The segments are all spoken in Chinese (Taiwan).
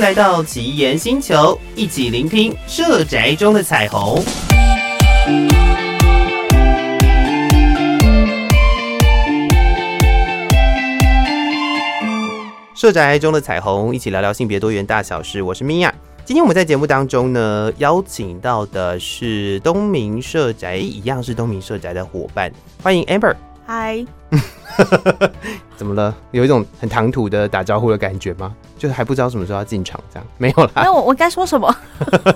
來到奇岩星球，一起聆聽社宅中的彩虹。社宅中的彩虹，一起聊聊性別多元大小事。我是 Mia，今天我們在節目當中呢，邀請到的是東明社宅，一樣是東明社宅的夥伴，歡迎 Amber。嗨， 怎麼了？有一種很唐突的打招呼的感覺嗎？就是還不知道什麼時候要進場，這樣沒有啦。那 我我該說什麼？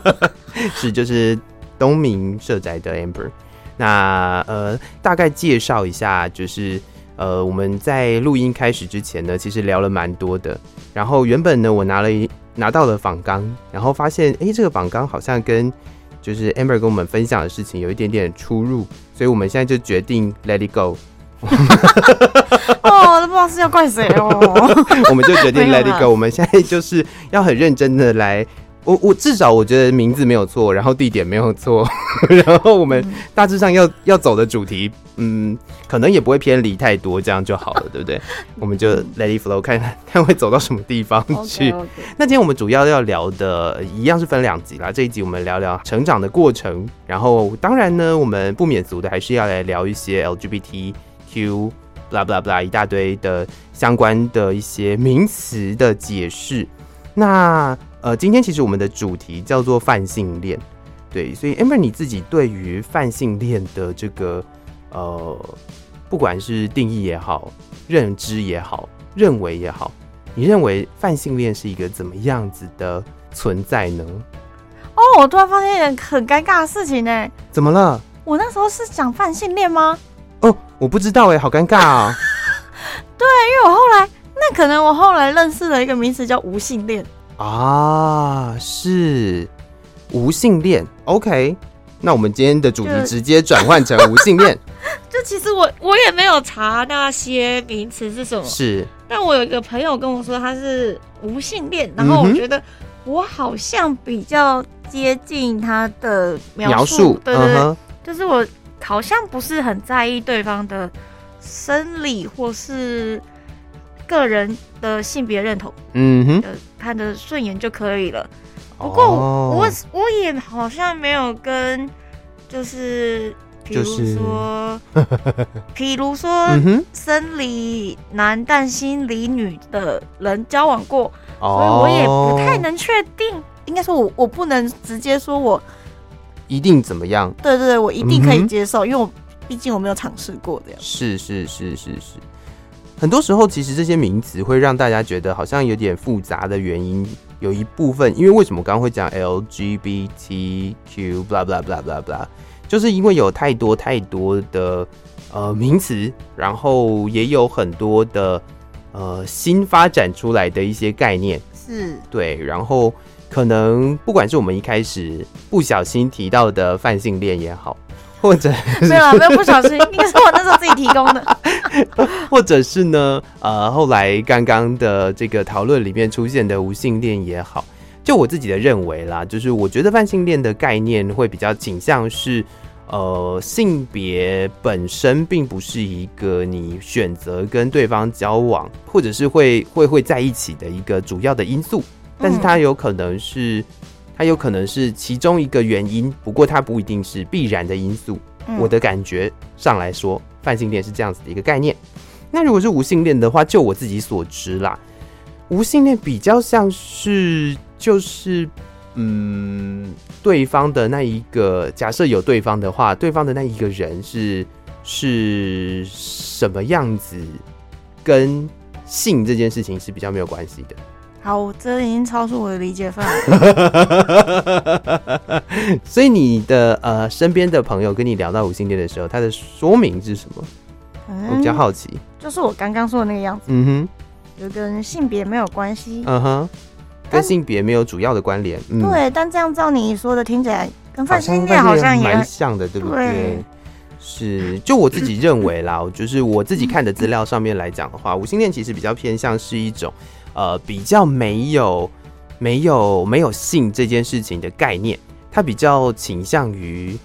是，就是東明社宅的 Amber，那呃，大概介紹一下，就是呃，我們在錄音開始之前呢，其實聊了蠻多的。然後原本呢，我拿了一拿到了訪綱，然後發現哎、欸，這個訪綱好像跟就是 Amber 跟我們分享的事情有一點點出入，所以我們現在就決定 Let it go。 哦，都不知道是要怪誰哦。 我們就決定 Let it go，我們現在就是要很認真的來，我我至少我覺得名字沒有錯，然後地點沒有錯， 然後我們大致上要，嗯，要走的主題，嗯，可能也不會偏離太多，這樣就好了，嗯，對不對？我們就 Let it flow 看看，看看會走到什麼地方去。Okay, okay. 那今天我們主要要聊的一樣是分兩集啦，這一集我們聊聊成長的過程，然後當然呢，我們不免俗的還是要來聊一些 LGBT。Q，blah blah blah，一大堆的相關的一些名詞的解釋。那呃，今天其實我們的主題叫做泛性戀，對。所以 Amber 你自己對於泛性戀的這個呃，不管是定義也好、認知也好、認為也好，你認為泛性戀是一個怎麼樣子的存在呢？哦，我突然發現一件很尷尬的事情呢。怎麼了？我，我那時候是講泛性戀嗎？我不知道哎、欸，好尷尬啊、喔！ 對，因為我後來那可能我後來認識了一個名詞叫無性戀啊，是無性戀。OK，那我們今天的主題直接轉換成無性戀。就， 就其實我我也沒有查那些名詞是什麼，是，但我有一個朋友跟我說他是無性戀、嗯，然後我覺得我好像比較接近他的描述，描述對對、對、嗯哼，就是我。好像不是很在意對方的生理或是個人的性別認同，嗯哼，看的順眼就可以了。不過我我也好像沒有跟，就是比如說，比如說生理男但心理女的人交往過，所以我也不太能確定。應該說我我不能直接說我。一定怎麼樣？對對對，我一定可以接受，嗯、因為我畢竟我沒有嘗試過的。是是是是是，很多時候其實這些名詞會讓大家覺得好像有點複雜的原因，有一部分，因為為什麼剛剛會講 LGBTQ blah blah blah blah blah blah，就是因為有太多太多的呃名詞，然後也有很多的呃新發展出來的一些概念。是，對，然後。可能不管是我們一開始不小心提到的泛性戀也好，或者沒有沒有不小心，應該是我那時候自己提供的，或者是呢，呃，後來剛剛的這個討論裡面出現的無性戀也好，就我自己的認為啦，就是我覺得泛性戀的概念會比較傾向是，呃，性別本身並不是一個你選擇跟對方交往，或者是會會會在一起的一個主要的因素。但是它有可能是，它有可能是其中一個原因。不過它不一定是必然的因素。嗯、我的感覺上來說，泛性戀是這樣子的一個概念。那如果是無性戀的話，就我自己所知啦，無性戀比較像是就是，嗯，對方的那一個，假設有對方的話，對方的那一個人是是什麼樣子，跟性這件事情是比較沒有關係的。好，我這已經超出我的理解範圍。 所以你的呃，身邊的朋友跟你聊到無性戀的時候，他的說明是什麼？嗯、我比較好奇。就是我剛剛說的那個樣子。嗯哼。有跟性別沒有關係。嗯哼。跟性別沒有主要的關聯。對、嗯，但這樣照你說的聽起來，跟泛性戀好像也蠻像，像的，對不對，對？是，就我自己認為啦， 就是我自己看的資料上面來講的話， 無性戀其實比較偏向是一種。呃，比較沒有沒有沒有性這件事情的概念，他比較傾向於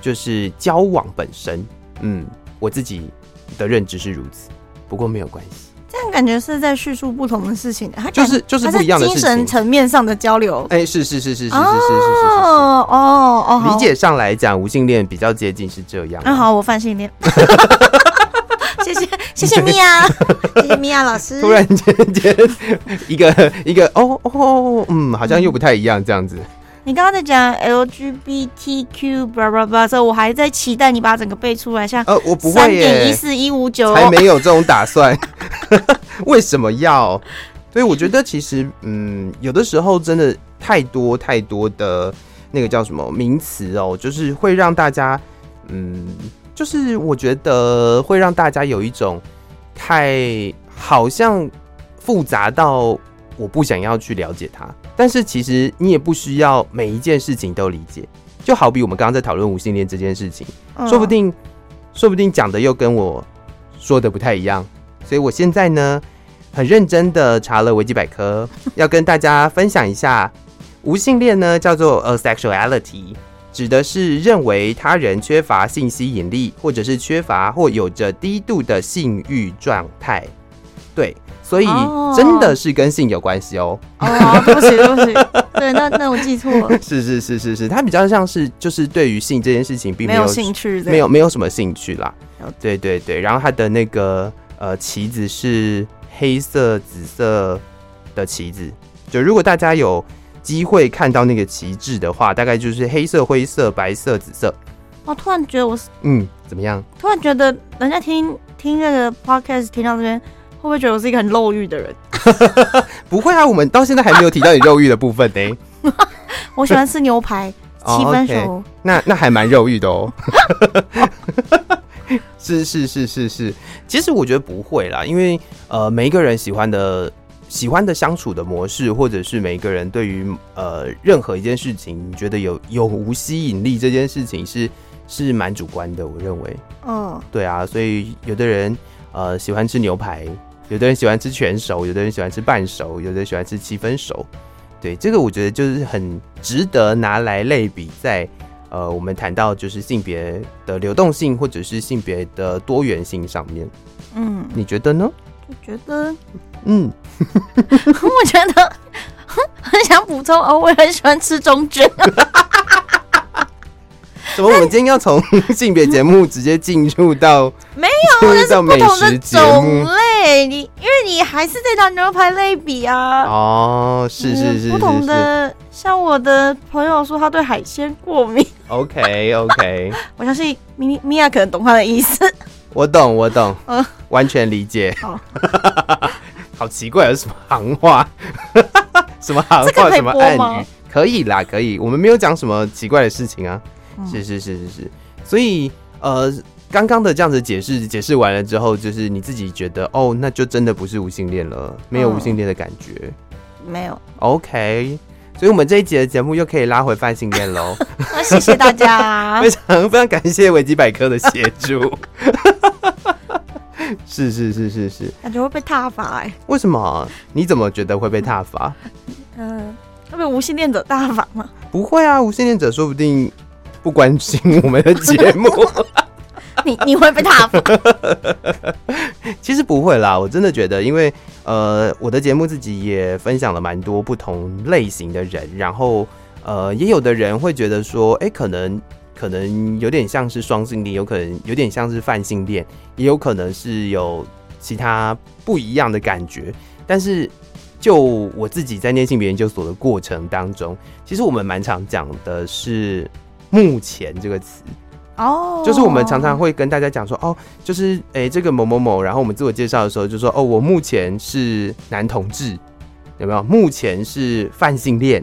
就是交往本身。嗯，我自己的認知是如此。不過沒有關係，這樣感覺是在敘述不同的事情，它就是就是不一樣的事情，精神層面上的交流。哎、欸，是是是是是是是是哦哦哦，oh, oh, oh, 理解上來講，無性戀比較接近是這樣。那、嗯、好，我泛性戀。 謝謝謝謝， 謝謝米婭，謝謝米婭老師。突然間，一個一個哦哦，嗯，好像又不太一樣這樣子。嗯、你剛剛在講 LGBTQ 吧吧吧，所以我還在期待你把它整個背出來，像、3. 呃，我不會耶，三點一四一五九，還沒有這種打算。 為什麼要？所以我覺得其實，嗯，有的時候真的太多太多的那個叫什麼名詞哦，就是會讓大家嗯。就是我覺得會讓大家有一種太好像複雜到我不想要去了解它，但是其實你也不需要每一件事情都理解。就好比我們剛剛在討論無性戀這件事情，嗯、說不定說不定講的又跟我說的不太一樣，所以我現在呢很認真的查了維基百科，要跟大家分享一下無性戀呢叫做 asexuality。指的是認為他人缺乏性吸引力，或者是缺乏或有着低度的性慾狀態。對，所以真的是跟性有關係哦。哦、oh. oh. oh，恭喜恭喜。不 對，那那我記錯了。是是是是是，他比較像是就是對於性這件事情並沒有，沒有興趣，沒有沒有什麼興趣啦。Okay. 對對對，然後他的那個呃旗子是黑色紫色的旗子。就如果大家有。機會看到那個旗幟的話，大概就是黑色、灰色、白色、紫色。我突然覺得我是……嗯，怎麼樣？突然覺得人家聽聽那個 podcast 聽到這邊，會不會覺得我是一個很肉慾的人？ 不會啊，我們到現在還沒有提到你肉慾的部分呢？欸。 我喜歡吃牛排， 七分熟，oh, okay. 那那還蠻肉慾的哦。 是是是是是，其實我覺得不會啦，因為呃，每一個人喜歡的。喜歡的相處的模式，或者是每一個人對於呃任何一件事情，你覺得有有無吸引力這件事情是是蠻主觀的，我認為。嗯、oh.，對啊，所以有的人呃喜歡吃牛排，有的人喜歡吃全熟，有的人喜歡吃半熟，有的人喜歡吃七分熟。對，這個我覺得就是很值得拿來類比在呃我們談到就是性別的流動性或者是性別的多元性上面。嗯、mm.，你覺得呢？我覺得，嗯， 我覺得很想補充，哦，我也很喜歡吃中卷。 怎麼？我們今天要從性別節目直接進入到沒有？就是不同的種類。你因為你還是這套牛排類比啊。哦，是是是,是,是，不同的。像我的朋友說，他對海鮮過敏。OK OK， 我相信米米亞可能懂他的意思。我懂，我懂，呃、完全理解。哦、 好奇怪，有什麼行話？什麼行話？ 什麼暗、這個、語？可以啦，可以。我們沒有講什麼奇怪的事情啊。是、嗯、是是是是。所以呃，剛剛的這樣子解釋解釋完了之後，就是你自己覺得哦，那就真的不是無性戀了，沒有無性戀的感覺、嗯，沒有。OK。所以，我們這一集的節目又可以拉回泛性戀囉。那謝謝大家、啊， 非常非常感謝維基百科的協助。 是是是是是，感覺會被撻伐，哎、欸？為什麼？你怎麼覺得會被撻伐？嗯、呃，會被無性戀者撻伐嗎？不會啊，無性戀者說不定不關心我們的節目。 你你會被他？ 其實不會啦，我真的覺得，因為呃，我的節目自己也分享了蠻多不同類型的人，然後呃，也有的人會覺得說，哎、欸，可能可能有點像是雙性戀，有可能有點像是泛性戀，也有可能是有其他不一樣的感覺。但是就我自己在念性別研究所的過程當中，其實我們蠻常講的是“目前”這個詞。哦、oh.，就是我們常常會跟大家講說，哦，就是誒、欸、這個某某某，然後我們自我介紹的時候就說，哦，我目前是男同志，有沒有？目前是泛性戀，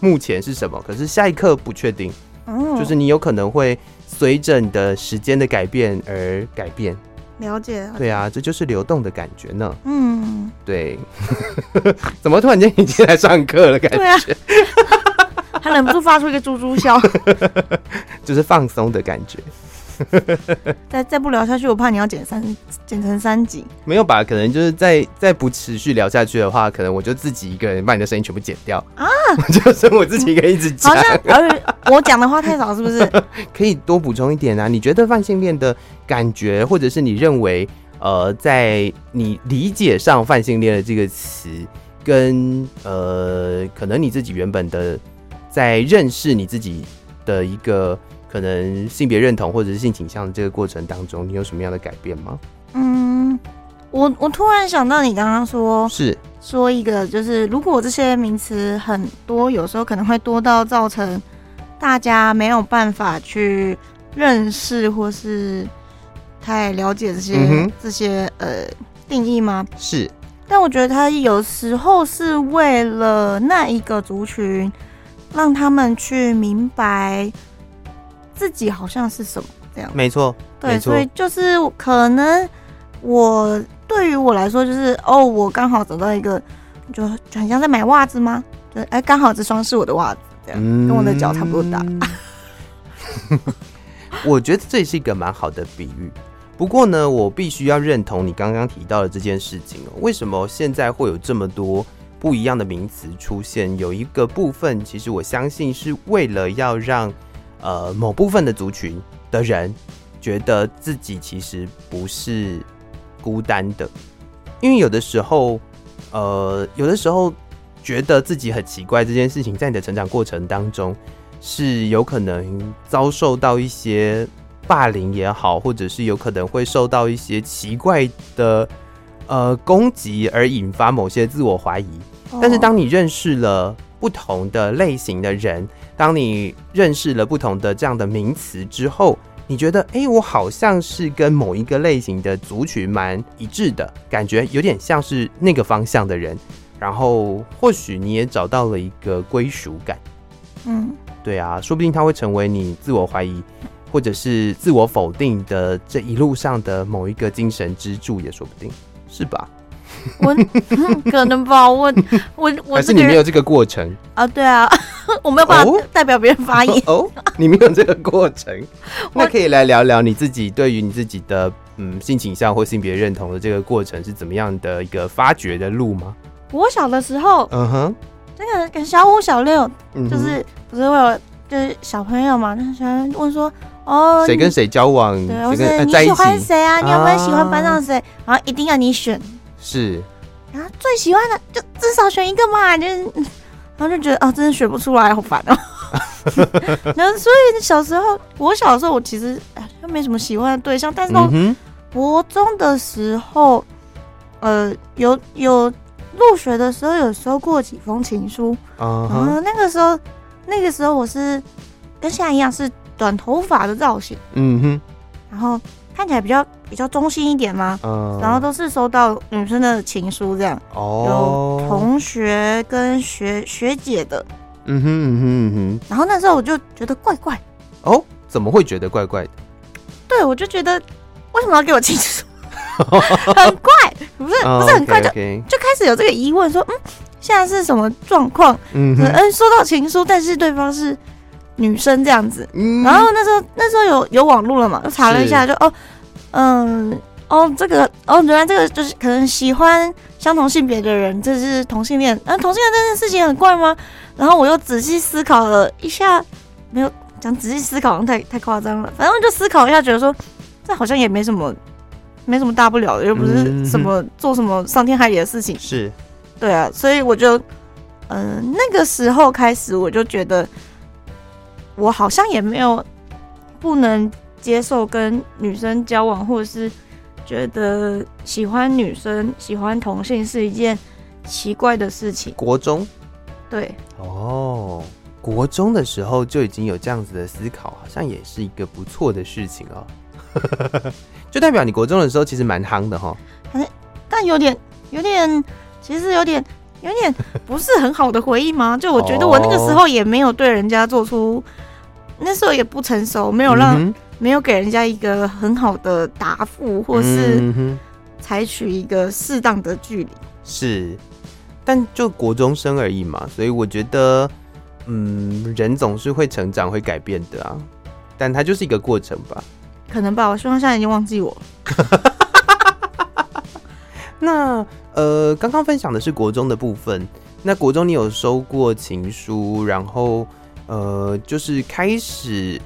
目前是什麼？可是下一刻不確定，嗯、mm.，就是你有可能會隨着你的時間的改變而改變。了解，okay. 對啊，這就是流動的感覺呢。嗯、mm.，對， 怎麼突然間已經來上課了？感覺。他忍不住發出一個豬豬笑， 就是放鬆的感覺。 再再不聊下去，我怕你要剪三剪成三集。沒有吧？可能就是再再不持續聊下去的話，可能我就自己一個人把你的聲音全部剪掉啊，我 就剩我自己一個人一直講好像 我講的話太少，是不是？ 可以多補充一點啊？你覺得泛性戀的感覺，或者是你認為呃，在你理解上泛性戀的這個詞，跟呃，可能你自己原本的。在認識你自己的一個可能性別認同或者是性傾向這個過程當中，你有什麼樣的改變嗎？嗯，我我突然想到你剛剛說，是說一個就是如果這些名詞很多，有時候可能會多到造成大家沒有辦法去認識或是太了解這些、嗯、這些呃定義嗎？是，但我覺得他有時候是為了那一個族群。讓他們去明白自己好像是什麼這樣，沒錯，對，所以就是可能我對於我來說就是哦，我剛好找到一個，就，就很像在買襪子嗎？對、就是，哎、欸，剛好這雙是我的襪子，這樣、嗯、跟我的腳差不多大。 我覺得這也是一個蠻好的比喻，不過呢，我必須要認同你剛剛提到的這件事情哦。為什麼現在會有這麼多？不一樣的名詞出現，有一個部分，其實我相信是為了要讓，呃，某部分的族群的人，覺得自己其實不是孤單的，因為有的時候，呃，有的時候覺得自己很奇怪這件事情，在你的成長過程當中，是有可能遭受到一些霸凌也好，或者是有可能會受到一些奇怪的呃攻擊，而引發某些自我懷疑。但是當你認識了不同的類型的人，當你認識了不同的這樣的名詞之後，你覺得，哎、欸，我好像是跟某一個類型的族群蠻一致的，感覺有點像是那個方向的人，然後或許你也找到了一個歸屬感。嗯，對啊，說不定他會成為你自我懷疑或者是自我否定的這一路上的某一個精神支柱，也說不定，是吧？ 我可能吧，我我我還是你沒有這個過程個啊。對啊，我沒有辦法代表別人發言。哦、oh? oh?，oh? 你沒有這個過程，那 可以來聊聊你自己對於你自己的嗯性傾向或性別認同的這個過程是怎麼樣的一個發掘的路嗎？我小的時候，嗯哼，那個小五小六，就是、mm -hmm. 不是為了，就是小朋友嘛？那喜歡問說，哦，誰跟誰交往？對，或者、呃、你喜歡誰啊？你有沒有喜歡班上誰？然、啊、後一定要你選。是，然後最喜歡的就至少選一個嘛，就是、然後就覺得啊，真的選不出來，好煩哦、啊。 然後所以小時候，我小時候我其實哎，又、啊、沒什麼喜歡的對象，但是國、嗯、中的時候，呃，有有入學的時候有收過幾封情書，嗯、然那個時候那個時候我是跟現在一樣是短頭髮的造型，嗯哼，然後。看起來比較比較中性一點嗎？Oh. 然後都是收到女生的情書這樣，oh. 有同學跟學學姐的，嗯哼嗯哼，然後那時候我就覺得怪怪。哦、oh?，怎麼會覺得怪怪的？對，我就覺得為什麼要給我情書？ 很怪，不是、oh, 不是很快 okay, okay. 就就開始有這個疑問說，說嗯，現在是什麼狀況？嗯，收到情書，但是對方是。女生這樣子，嗯、然後那時候那時候有有網絡了嘛，就查了一下就，就哦，嗯，哦，這個哦，原來這個就是可能喜歡相同性別的人，這是同性戀那、啊、同性戀這件事情很怪嗎？然後我又仔細思考了一下，沒有講仔細思考太，太太誇張了。反正就思考一下，覺得說這好像也沒什麼，沒什麼大不了的，又不是什麼、嗯、做什麼傷天害理的事情。是，對啊，所以我就嗯、呃，那個時候開始我就覺得。我好像也沒有不能接受跟女生交往，或是覺得喜歡女生、喜歡同性是一件奇怪的事情。國中，對哦，國中的時候就已經有這樣子的思考，好像也是一個不錯的事情哦。 就代表你國中的時候其實蠻夯的哈、哦。但有點，有點，其實有點。有點不是很好的回憶嗎？就我覺得我那個時候也沒有對人家做出，oh. 那時候也不成熟，沒有讓，mm -hmm. 沒有給人家一個很好的答覆，或是採取一個適當的距離。是，但就國中生而已嘛，所以我覺得，嗯，人總是會成長、會改變的啊，但它就是一個過程吧。可能吧，我希望現在已經忘記我。 那呃，剛剛分享的是國中的部分。那國中你有收過情書，然後呃，就是開始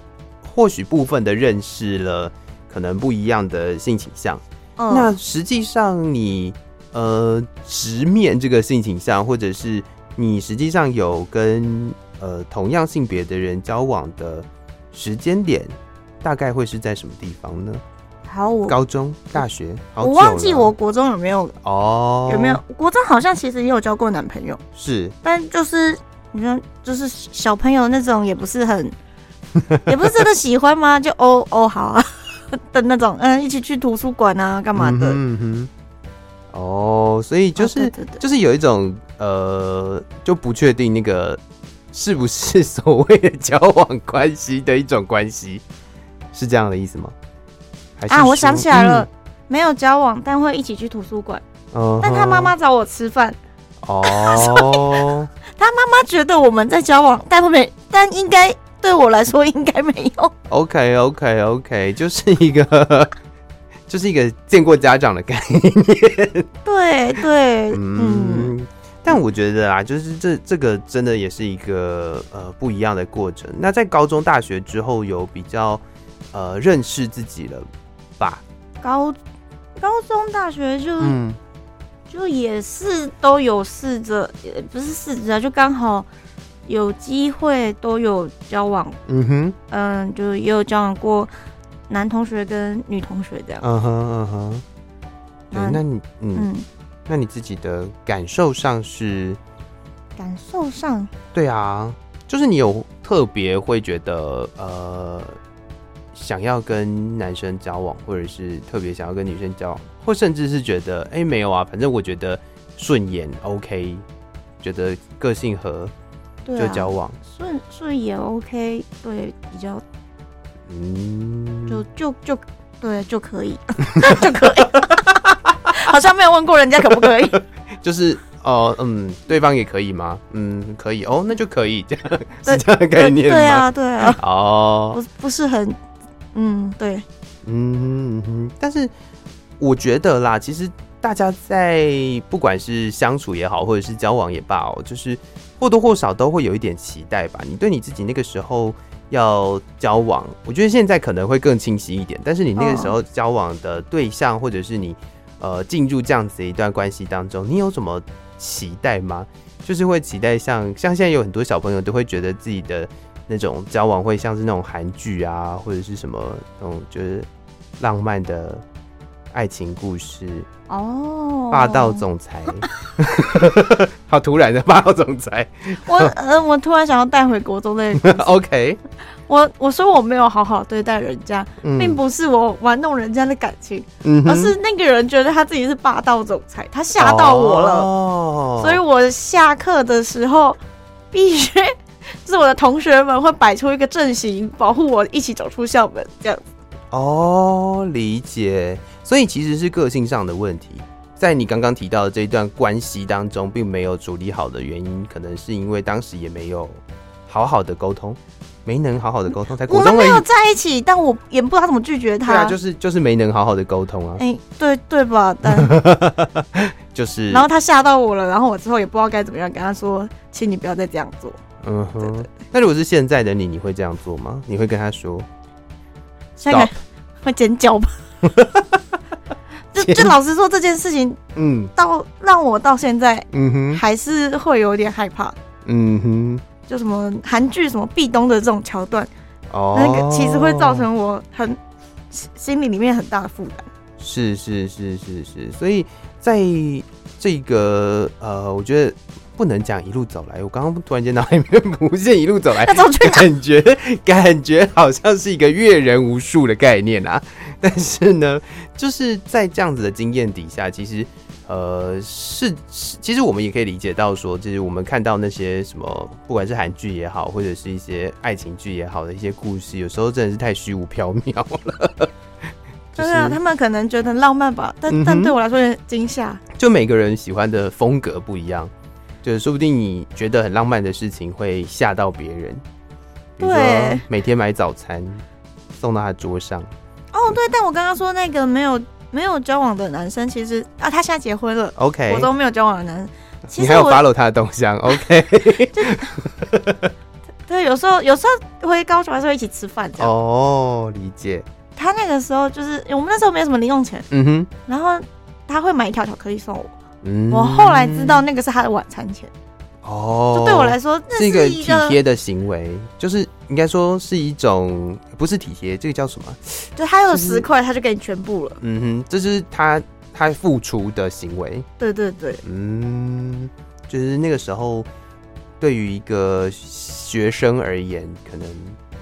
或許部分的認識了可能不一樣的性傾向。嗯。那實際上你呃直面這個性傾向，或者是你實際上有跟呃同樣性別的人交往的時間點，大概會是在什麼地方呢？好我，高中、大學我好，我忘記我國中有沒有哦？Oh. 有沒有國中好像其實也有交過男朋友，是，但就是你說就是小朋友那種也不是很， 也不是真的喜歡嗎？就哦哦好啊的那種，嗯，一起去圖書館啊幹嘛的？嗯哼，嗯哼。哦、oh，所以就是、oh, 對對對，就是有一種呃就不確定那個是不是所謂的交往關係的一種關係，是這樣的意思嗎？啊，我想起來了，嗯，沒有交往，但會一起去圖書館。哦、uh -huh. 但他媽媽找我吃飯，哦、uh -huh.， 所以他媽媽覺得我們在交往，但沒，但應該對我來說應該沒有。OK，OK，OK，okay, okay, okay, 就是一個，就是一個見過家長的概念。 對對嗯，嗯，但我覺得啊，就是這這個真的也是一個呃不一樣的過程。那在高中、大學之後，有比較呃認識自己了。吧，高高中大學就、嗯、就也是都有試着，也不是試着啊，就剛好有機會都有交往。嗯哼，嗯、呃，就也有交往過男同學跟女同學這樣。嗯哼嗯哼，對，那你，你嗯，那你自己的感受上是感受上？對啊，就是你有特別會覺得呃。想要跟男生交往，或者是特別想要跟女生交往，或甚至是覺得哎、欸、沒有啊，反正我覺得順眼 OK，覺得個性合就交往，順順、啊、眼 OK 對比較，嗯，就就就對就可以，就可以， 可以 好像沒有問過人家可不可以 ，就是哦嗯，對方也可以嗎？嗯，可以哦，那就可以這樣對，是這樣的概念嗎？對啊對，對啊，哦、啊， 不是不是很。嗯，對。嗯，但是我覺得啦，其實大家在不管是相處也好，或者是交往也罷，哦，就是或多或少都會有一點期待吧。你對你自己那個時候要交往，我覺得現在可能會更清晰一點。但是你那個時候交往的對象，嗯。或者是你呃進入這樣子的一段關係當中，你有什麼期待嗎？就是會期待像像現在有很多小朋友都會覺得自己的。那種交往會像是那種韓劇啊，或者是什麼那種就是浪漫的愛情故事哦、oh. 霸道總裁，好突然的霸道總裁！我呃，我突然想要帶回國中那種。 OK，我我說我沒有好好對待人家，嗯、並不是我玩弄人家的感情、嗯，而是那個人覺得他自己是霸道總裁，他嚇到我了，oh. 所以，我下課的時候必須。 是我的同學們會擺出一個陣型保護我，一起走出校門。這樣哦，理解。所以其實是個性上的問題，在你剛剛提到的這一段關係當中，並沒有處理好的原因，可能是因為當時也沒有好好的溝通，沒能好好的溝通，嗯、才我們沒有在一起。但我也不知道怎麼拒絕他，對啊，就是就是沒能好好的溝通啊。哎、欸，對對吧？但 就是。然後他嚇到我了，然後我之後也不知道該怎麼樣跟他說，請你不要再這樣做。嗯哼，那如果是現在的你，你會這樣做嗎？你會跟他說？下一個會尖叫吧。 就就老實說，這件事情，嗯，到讓我到現在，嗯哼，還是會有點害怕。嗯哼，就什麼韓劇什麼壁咚的這種橋段，哦，那個其實會造成我很心裡面很大的負擔。是是是是是，所以在這個呃，我覺得。不能講一路走來，我剛剛突然間腦海裡面浮現一路走來，走感覺感覺好像是一個閱人無數的概念啊！但是呢，就是在這樣子的經驗底下，其實呃是，是其實我們也可以理解到說，說就是我們看到那些什麼，不管是韓劇也好，或者是一些愛情劇也好的一些故事，有時候真的是太虛無縹緲了。真的、啊 就是，他們可能覺得很浪漫吧，但、嗯、但對我來說有點驚嚇。就每個人喜歡的風格不一樣。就說不定你覺得很浪漫的事情會嚇到別人，對。每天買早餐送到他的桌上。哦，對，對但我剛剛說那個沒有沒有交往的男生，其實啊，他現在結婚了。OK，我都沒有交往的男生，其實，你還有 follow 他的動向。OK， 對，有時候有時候回高雄還是會一起吃飯這樣。哦、oh，理解。他那個時候就是、欸、我們那時候沒有什麼零用錢，嗯哼，然後他會買一條巧克力送我。嗯，我後來知道那個是他的晚餐錢，哦，就對我來說是一，是一個體貼的行為，就是應該說是一種不是體貼，這個叫什麼？就他有十塊，他就給你全部了。嗯，嗯哼，這是他他付出的行為。對對對，嗯，就是那個時候對於一個學生而言，可能。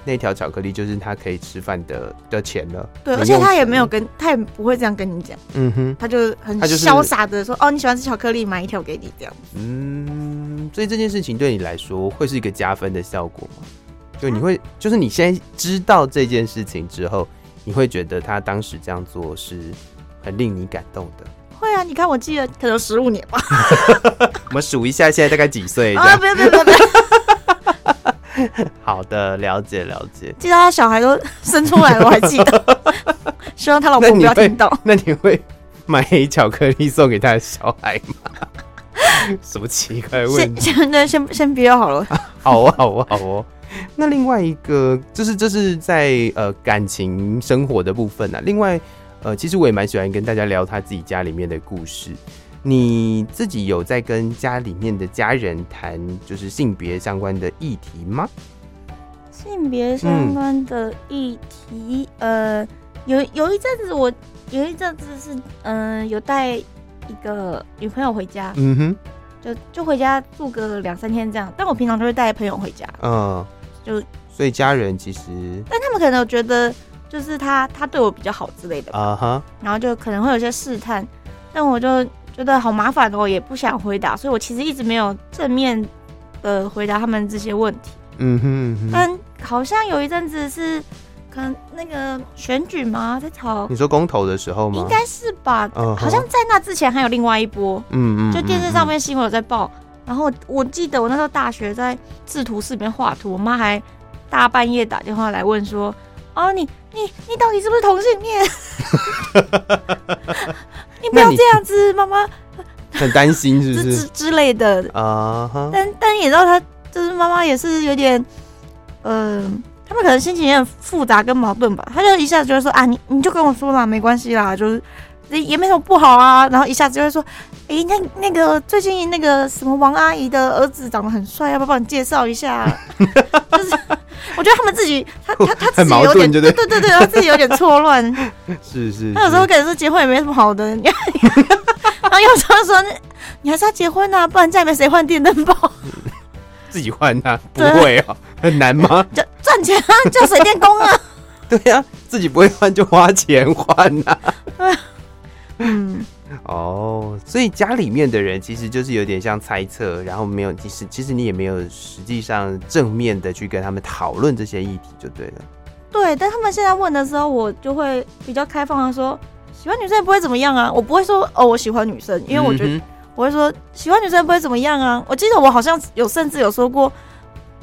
那條巧克力就是他可以吃飯的的錢了。對，而且他也沒有跟他也不會這樣跟你講。嗯哼，他就很瀟灑、就是、的說：“哦，你喜歡吃巧克力，買一條給你。”這樣。嗯，所以這件事情對你來說會是一個加分的效果嗎？就你會、嗯、就是你先知道這件事情之後，你會覺得他當時這樣做是很令你感動的。會啊，你看我記得可能十五年吧。 我們數一下，現在大概幾歲？啊、哦，不要不要不要！不 好的，了解了解。記得他小孩都生出來了，我還記得。 希望他老婆不要聽到。那你會買黑巧克力送給他的小孩嗎？ 什麼奇怪問題？先那先先不要好了。好啊、哦，好啊、哦，好哦。那另外一個，就是這、就是在呃感情生活的部分呢、啊。另外，呃，其實我也蠻喜歡跟大家聊他自己家裡面的故事。你自己有在跟家裡面的家人談，就是性別相關的議題嗎？性別相關的議題，嗯、呃，有有一陣子我有一陣子是嗯、呃，有帶一個女朋友回家，嗯哼，就就回家住個兩三天這樣。但我平常都會帶朋友回家，嗯，就所以家人其實，但他們可能覺得就是他他對我比較好之類的啊哈，Uh-huh. 然後就可能會有些試探，但我就。覺得好麻煩哦，也不想回答，所以我其實一直沒有正面呃回答他們這些問題。嗯哼，嗯哼，但好像有一陣子是，可能那個選舉嘛，在吵。你說公投的時候嗎？應該是吧、哦，好像在那之前還有另外一波。嗯、哦、嗯，就電視上面新聞有在報嗯嗯嗯，然後我記得我那時候大學在製圖室裡面畫圖，我媽還大半夜打電話來問說：“哦，你你你到底是不是同性戀？” 你不要這樣子，媽媽很擔心是不是，是是之類的啊。Uh -huh. 但但也知道他，他就是媽媽也是有點，嗯、呃，他們可能心情有點複雜跟矛盾吧。他就一下子就會說啊，你你就跟我說啦，沒關係啦，就是也沒什麼不好啊。然後一下子就會說，哎、欸，那那個最近那個什麼王阿姨的兒子長得很帥、啊，要不要幫你介紹一下？ 就是。 我覺得他們自己，他他他自己有點矛盾對，對對對對，他自己有點錯亂。 是是、是。他有時候感覺說結婚也沒什麼好的， 然後有時候說你，你還是要結婚吶、啊，不然家裡誰換電燈泡？ 自己換吶、啊，不會、哦、啊，很難嗎？就賺錢啊，叫水電工啊。 對呀、啊，自己不會換就花錢換吶、啊。 嗯。哦、oh,，所以家裡面的人其實就是有點像猜測，然後沒有其實，其實你也沒有實際上正面的去跟他們討論這些議題就對了。對，但他們現在問的時候，我就會比較開放的說，喜歡女生也不會怎麼樣啊。我不會說哦，我喜歡女生，因為我覺得、嗯、我會說喜歡女生不會怎麼樣啊。我記得我好像有甚至有說過，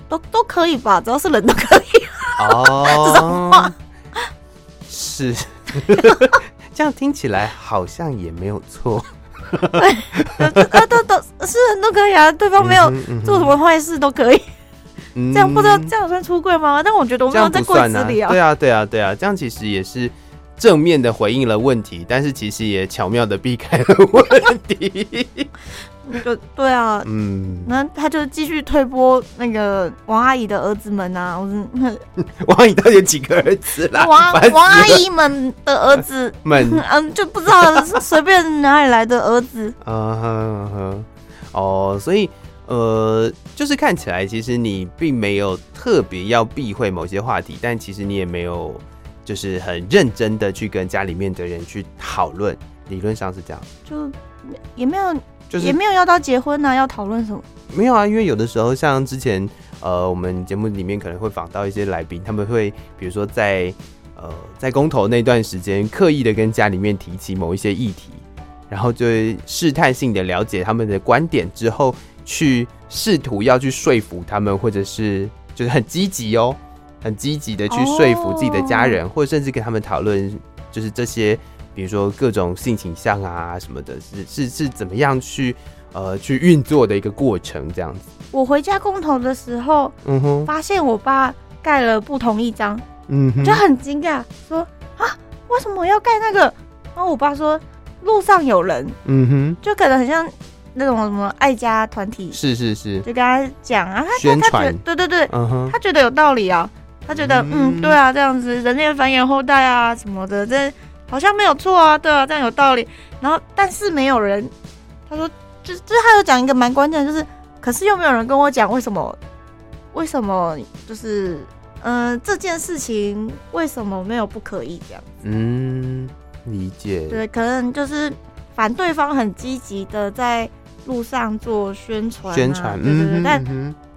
都都可以吧，只要是人都可以。哦、 oh,，是。 這樣聽起來好像也沒有錯 ，對， 啊，都都是都可以，啊， 對方沒有做什麼壞事都可以。 這樣不知道這樣算出櫃嗎？但我覺得我們要在櫃子裡啊，對啊，對啊，啊、對啊，這樣其實也是。正面的回應了問題，但是其實也巧妙的避開了問題。 就對啊，嗯，那他就繼續推波那個王阿姨的兒子們啊，王阿姨到底有幾個兒子啦？王王王阿姨們的兒子們，嗯，就不知道隨便哪裡來的兒子。哈哈哦，所以呃，uh, 就是看起來其實你並沒有特別要避諱某些話題，但其實你也沒有。就是很認真的去跟家裡面的人去討論，理論上是這樣，就也沒有，就是也沒有要到結婚呢、啊，要討論什麼？沒有啊，因為有的時候像之前，呃，我們節目裡面可能會訪到一些來賓，他們會比如說在呃在公投那段時間，刻意的跟家裡面提起某一些議題，然後就試探性的了解他們的觀點之後，去試圖要去說服他們，或者是就是很積極哦，很積極的去說服自己的家人，哦、或者甚至跟他們討論，就是這些，比如說各種性傾向啊什麼的，是是是怎麼樣去呃去運作的一個過程，這樣子。我回家公投的時候，嗯哼，發現我爸蓋了不同一張，嗯哼，就很驚訝，說啊，為什麼要蓋那個？然後我爸說路上有人，嗯哼，就可能很像那種什麼愛家團體，是是是，就跟他講啊，他宣傳他他覺得對對對，嗯哼，他覺得有道理啊。他覺得嗯，嗯，對啊，這樣子，人類繁衍後代啊，什麼的，這好像沒有錯啊，對啊，這樣有道理。然後，但是沒有人，他說，就是他有講一個蠻關鍵的，就是，可是又沒有人跟我講，為什麼，為什麼，就是，嗯、呃，這件事情為什麼沒有不可以這樣子？嗯，理解。對，可能就是反對方很積極的在路上做宣傳、啊，宣傳、就是，嗯哼哼，但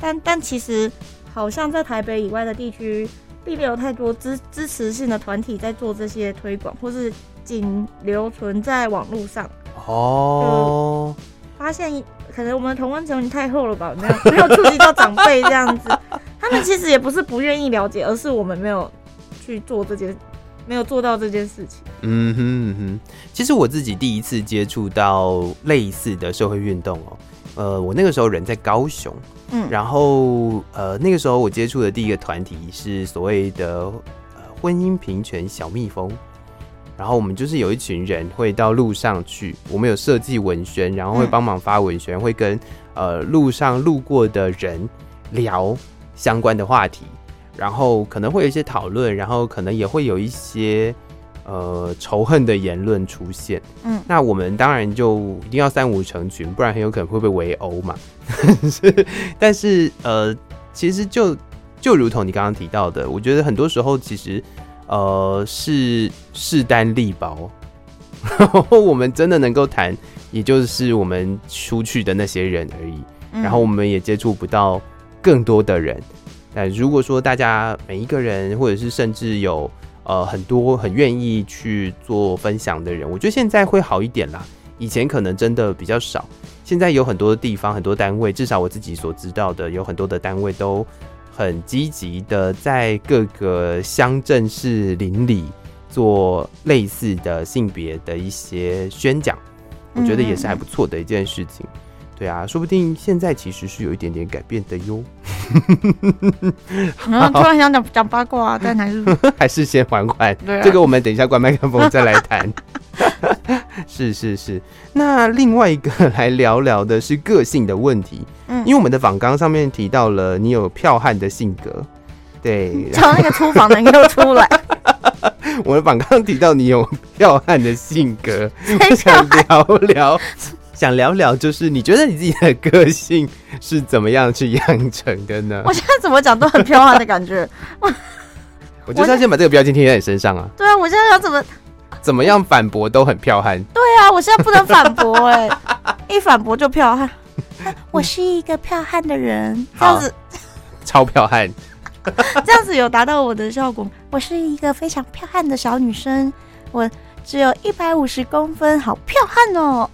但但其實。好像在台北以外的地區，並沒有太多支支持性的團體在做這些推廣，或是僅留存在網絡上。哦、oh. 呃，發現可能我們同溫層太厚了吧，沒有沒有觸及到長輩這樣子。 他們其實也不是不願意了解，而是我們沒有去做這件，沒有做到這件事情。嗯哼嗯哼，其實我自己第一次接觸到類似的社會運動哦，呃，我那個時候人在高雄。嗯，然後呃，那個時候我接觸的第一個團體是所謂的、呃、婚姻平權小蜜蜂，然後我們就是有一群人會到路上去，我們有設計文宣，然後會幫忙發文宣，會跟呃路上路過的人聊相關的話題，然後可能會有一些討論，然後可能也會有一些。呃，仇恨的言論出現，嗯，那我們當然就一定要三五成群，不然很有可能會被圍毆嘛。 但是，呃，其實就就如同你剛剛提到的，我覺得很多時候其實，呃，是勢單力薄。 我們真的能夠談，也就是我們出去的那些人而已，嗯、然後我們也接觸不到更多的人。但如果說大家每一個人，或者是甚至有。呃，很多很願意去做分享的人，我覺得現在會好一點啦。以前可能真的比較少，現在有很多地方、很多單位，至少我自己所知道的，有很多的單位都很積極的在各個鄉鎮市鄰里做類似的性別的一些宣講，我覺得也是還不錯的一件事情。嗯對啊，說不定現在其實是有一點點改變的喲。 好嗯、突然想講講八卦、啊，但還是還是先緩緩、啊。這個我們等一下關麥克風再來談。 是是是，那另外一個來聊聊的是個性的問題。嗯，因為我們的訪綱上面提到了你有剽悍的性格，對，從那個廚房的 你都出來。我的訪綱提到你有剽悍的性格， 想聊聊。 想聊聊，就是你覺得你自己的個性是怎麼樣去養成的呢？我現在怎麼講都很彪悍的感覺。 我就算先把這個標籤貼在你身上啊。對啊，我現在想怎麼怎麼樣反駁都很彪悍。對啊，我現在不能反駁哎、欸， 一反駁就彪悍、啊。我是一個彪悍的人， 這樣子、啊、超彪悍， 這樣子有達到我的效果。我是一個非常彪悍的小女生，我只有一百五十公分，好彪悍哦。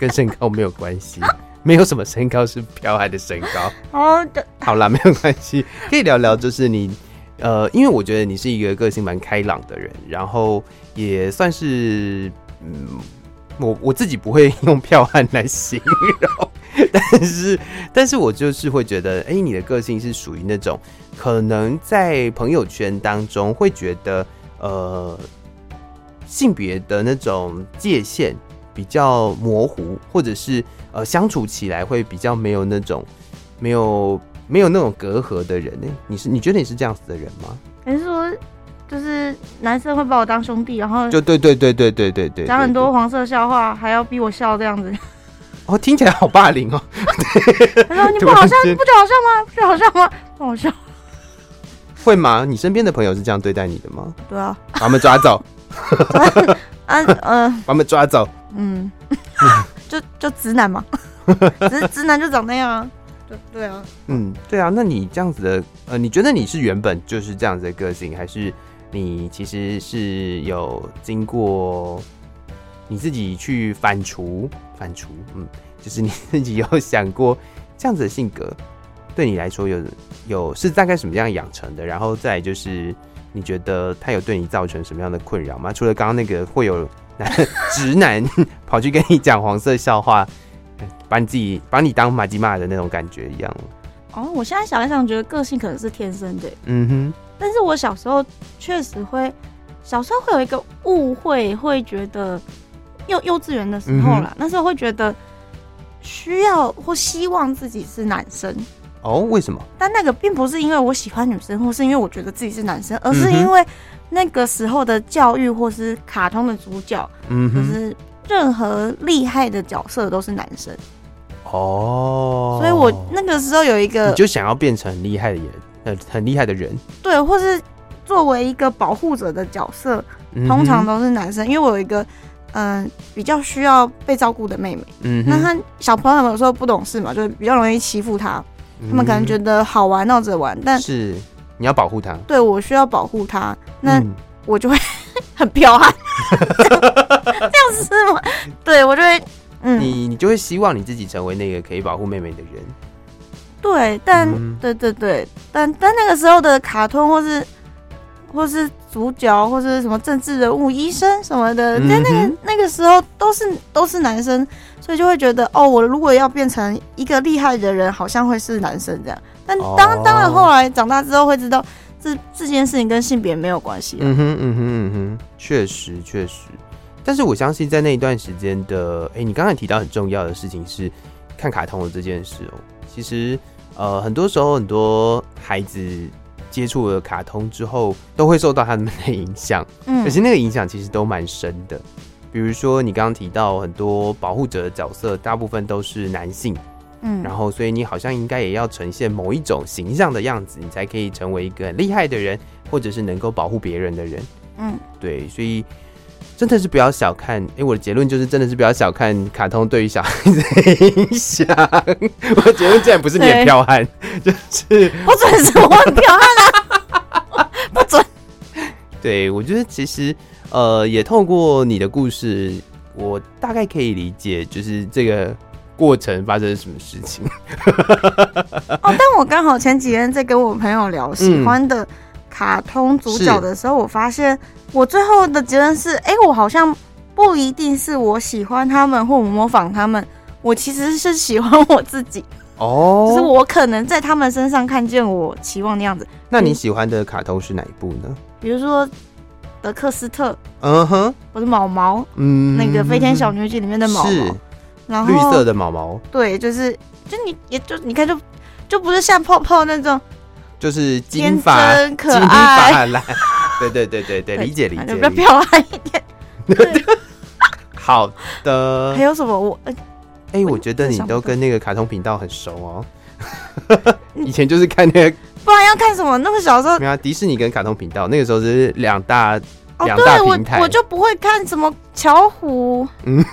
跟身高沒有關係，沒有什麼身高是彪悍的身高。好的，好啦，沒有關係，可以聊聊。就是你，呃，因為我覺得你是一個個性蠻開朗的人，然後也算是，嗯，我我自己不會用彪悍來形容，但是，但是我就是會覺得，哎、欸，你的個性是屬於那種可能在朋友圈當中會覺得，呃，性別的那種界限比較模糊，或者是呃相處起來會比較沒有那種沒有沒有那種隔閡的人呢？你是你覺得你是這樣子的人嗎？你、欸、還是說就是男生會把我當兄弟，然後就對對對對對對對，講很多黃色笑話，還要逼我笑這樣子？哦，聽起來好霸凌哦！他 說 你不好笑，你不搞笑嗎？不就好笑嗎？不好笑？會嗎？你身邊的朋友是這樣對待你的嗎？對啊，把他們抓走。 嗯嗯嗯、 把他們抓走。嗯， 就就直男嘛， 直直男就長那樣啊，對對啊，嗯，對啊，那你這樣子的，呃，你覺得你是原本就是這樣子的個性，還是你其實是有經過你自己去反芻反芻？嗯，就是你自己有想過這樣子的性格對你來說有有是大概什麼樣養成的？然後再就是你覺得他有對你造成什麼樣的困擾嗎？除了剛剛那個會有。 直男跑去跟你講黃色笑話，把你自己把你當馬吉瑪的那種感覺一樣。哦，我現在想一想，覺得個性可能是天生的。嗯哼，但是我小時候確實會，小時候會有一個誤會，會覺得幼幼稚園的時候啦、嗯，那時候會覺得需要或希望自己是男生。哦，為什麼？但那個並不是因為我喜歡女生，或是因為我覺得自己是男生，而是因為、嗯。那個時候的教育，或是卡通的主角，嗯哼，就是任何厲害的角色都是男生。哦，所以我那個時候有一個，你就想要變成很厲害的人，很很厲害的人。對，或是作為一個保護者的角色，通常都是男生，嗯、因為我有一個嗯、呃、比較需要被照顧的妹妹。嗯，那他小朋友有時候不懂事嘛，就是比較容易欺負他，他們可能覺得好玩鬧着玩，嗯，但是。你要保護他。對，我需要保護他，那我就會、嗯、 很彪飄悍， 這樣子是嗎？對，我就會，嗯，你你就會希望你自己成為那個可以保護妹妹的人。對，但、嗯、對對對，但但那個時候的卡通或是或是主角或是什麼政治人物、醫生什麼的，在、嗯、那個那個時候都是都是男生，所以就會覺得哦，我如果要變成一個厲害的人，好像會是男生這樣。但當當然後來長大之後會知道這，這這件事情跟性別沒有關係。嗯哼嗯哼嗯哼，確、嗯、實確實。但是我相信在那一段時間的，哎、欸，你剛才提到很重要的事情是看卡通的這件事哦、喔。其實呃，很多時候很多孩子接觸了卡通之後，都會受到他們的影響，嗯，可是那個影響其實都蠻深的。比如說你剛剛提到很多保護者的角色，大部分都是男性。嗯，然後，所以你好像應該也要呈現某一種形象的樣子，你才可以成為一個很厲害的人，或者是能夠保護別人的人。嗯，對，所以真的是不要小看。哎，我的結論就是真的是不要小看卡通對於小孩子的影響。我的結論竟然不是你的彪悍， 就是不准是我的彪悍啊，不准。對，我覺得其實呃，也透過你的故事，我大概可以理解，就是這個。過程發生什麼事情？ 哦，但我剛好前幾天在跟我朋友聊、嗯、喜歡的卡通主角的時候，我發現我最後的結論是：哎、欸，我好像不一定是我喜歡他們或模仿他們，我其實是喜歡我自己。哦，就是我可能在他們身上看見我期望的樣子。那你喜歡的卡通是哪一部呢？比如說德克斯特，嗯哼，或者毛毛，嗯，那個《飛天小女警》裡面的毛毛。綠色的毛毛，對，就是就你也就你看就就不是像泡泡那種，就是金髮金髮藍 對對對對對，對理解理解理，比較漂亮一點。 對 好的，還有什麼？我哎、呃欸，我覺得你都跟那個卡通頻道很熟哦。 以前就是看那個，不然要看什麼？那麼小時候，你看、啊、迪士尼跟卡通頻道那個時候是兩大、哦、兩大平台我，我就不會看什麼巧虎，嗯。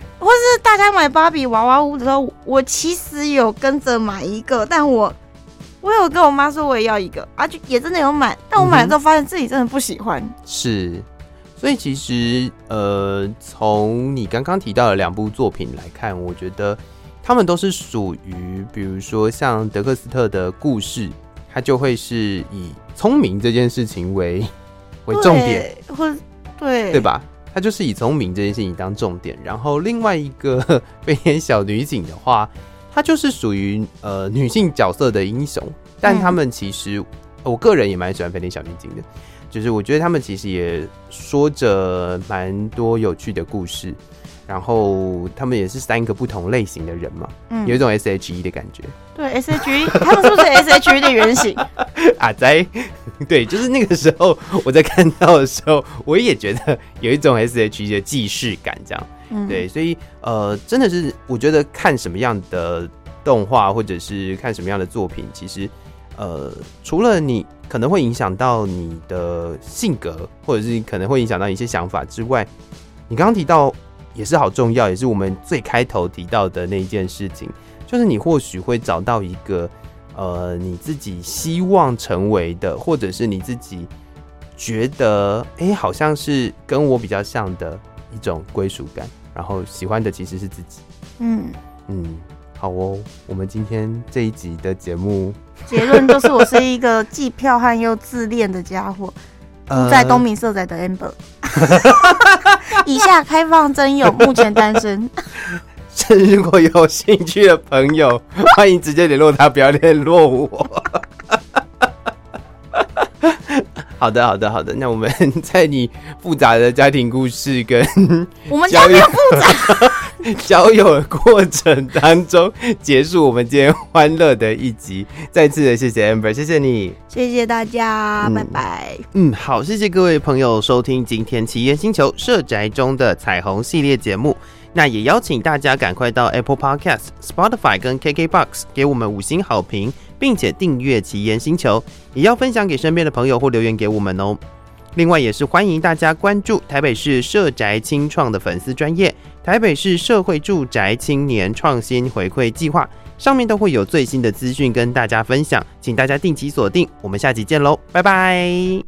或是大家買芭比娃娃屋的時候，我其實有跟着買一個，但我我有跟我媽說我也要一個啊，就也真的有買，但我買了之後發現自己真的不喜歡。嗯、是，所以其實呃，從你剛剛提到的兩部作品來看，我覺得他們都是屬於，比如說像德克斯特的故事，它就會是以聰明這件事情為為重點，或對對吧？他就是以聰明這件事情當重點，然後另外一個飛天小女警的話，她就是屬於呃女性角色的英雄，但他們其實、嗯、我個人也蠻喜歡飛天小女警的，就是我覺得他們其實也說着蠻多有趣的故事。然後他們也是三個不同類型的人嘛，嗯、有一種 S H E 的感覺。對 S H E，他們說是 S H E 的原型 啊，在對，就是那個時候我在看到的時候，我也覺得有一種 S H E 的既視感，這樣、嗯。對，所以呃，真的是我覺得看什麼樣的動畫或者是看什麼樣的作品，其實呃，除了你可能會影響到你的性格，或者是可能會影響到一些想法之外，你剛剛提到。也是好重要，也是我們最開頭提到的那一件事情，就是你或許會找到一個，呃，你自己希望成為的，或者是你自己覺得，哎、欸，好像是跟我比較像的一種歸屬感，然後喜歡的其實是自己。嗯嗯，好哦，我們今天這一集的節目結論就是，我是一個既剽悍又自戀的家伙。 嗯、在東明社宅的 Amber， 以下開放徵友，目前單身。如果有興趣的朋友，歡迎直接聯絡他，不要聯絡我 好。好的，好的，好的。那我們在你複雜的家庭故事跟我們家又複雜。 交友的過程當中結束，我們今天歡樂的一集，再次的謝謝 Amber，謝謝你，謝謝大家，嗯、拜拜。嗯，好，謝謝各位朋友收聽今天奇岩星球社宅中的彩虹系列節目，那也邀請大家趕快到 Apple Podcast、Spotify 跟 KKBox 給我們五星好評，並且訂閱奇岩星球，也要分享給身邊的朋友或留言給我們哦。另外，也是歡迎大家關注台北市社宅青創的粉絲專頁，台北市社會住宅青年創新回饋計劃，上面都會有最新的資訊跟大家分享，請大家定期鎖定。我們下集見嘍，拜拜。